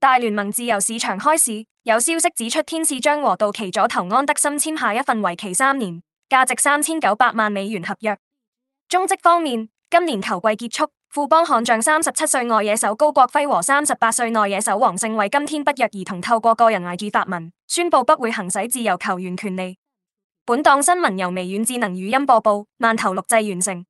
大聯盟自由市場開始。有消息指出，天使將和道奇左投安德森簽下一份為期三年、價值三千九百萬美元合約。中職方面，今年球季結束，富邦悍將三十七歲外野手高國輝和三十八歲內野手王勝偉今天不約而同透過個人 IG 發文，宣布不會行使自由球員權利。本檔新聞由微軟智能語音播報，曼頭錄製完成。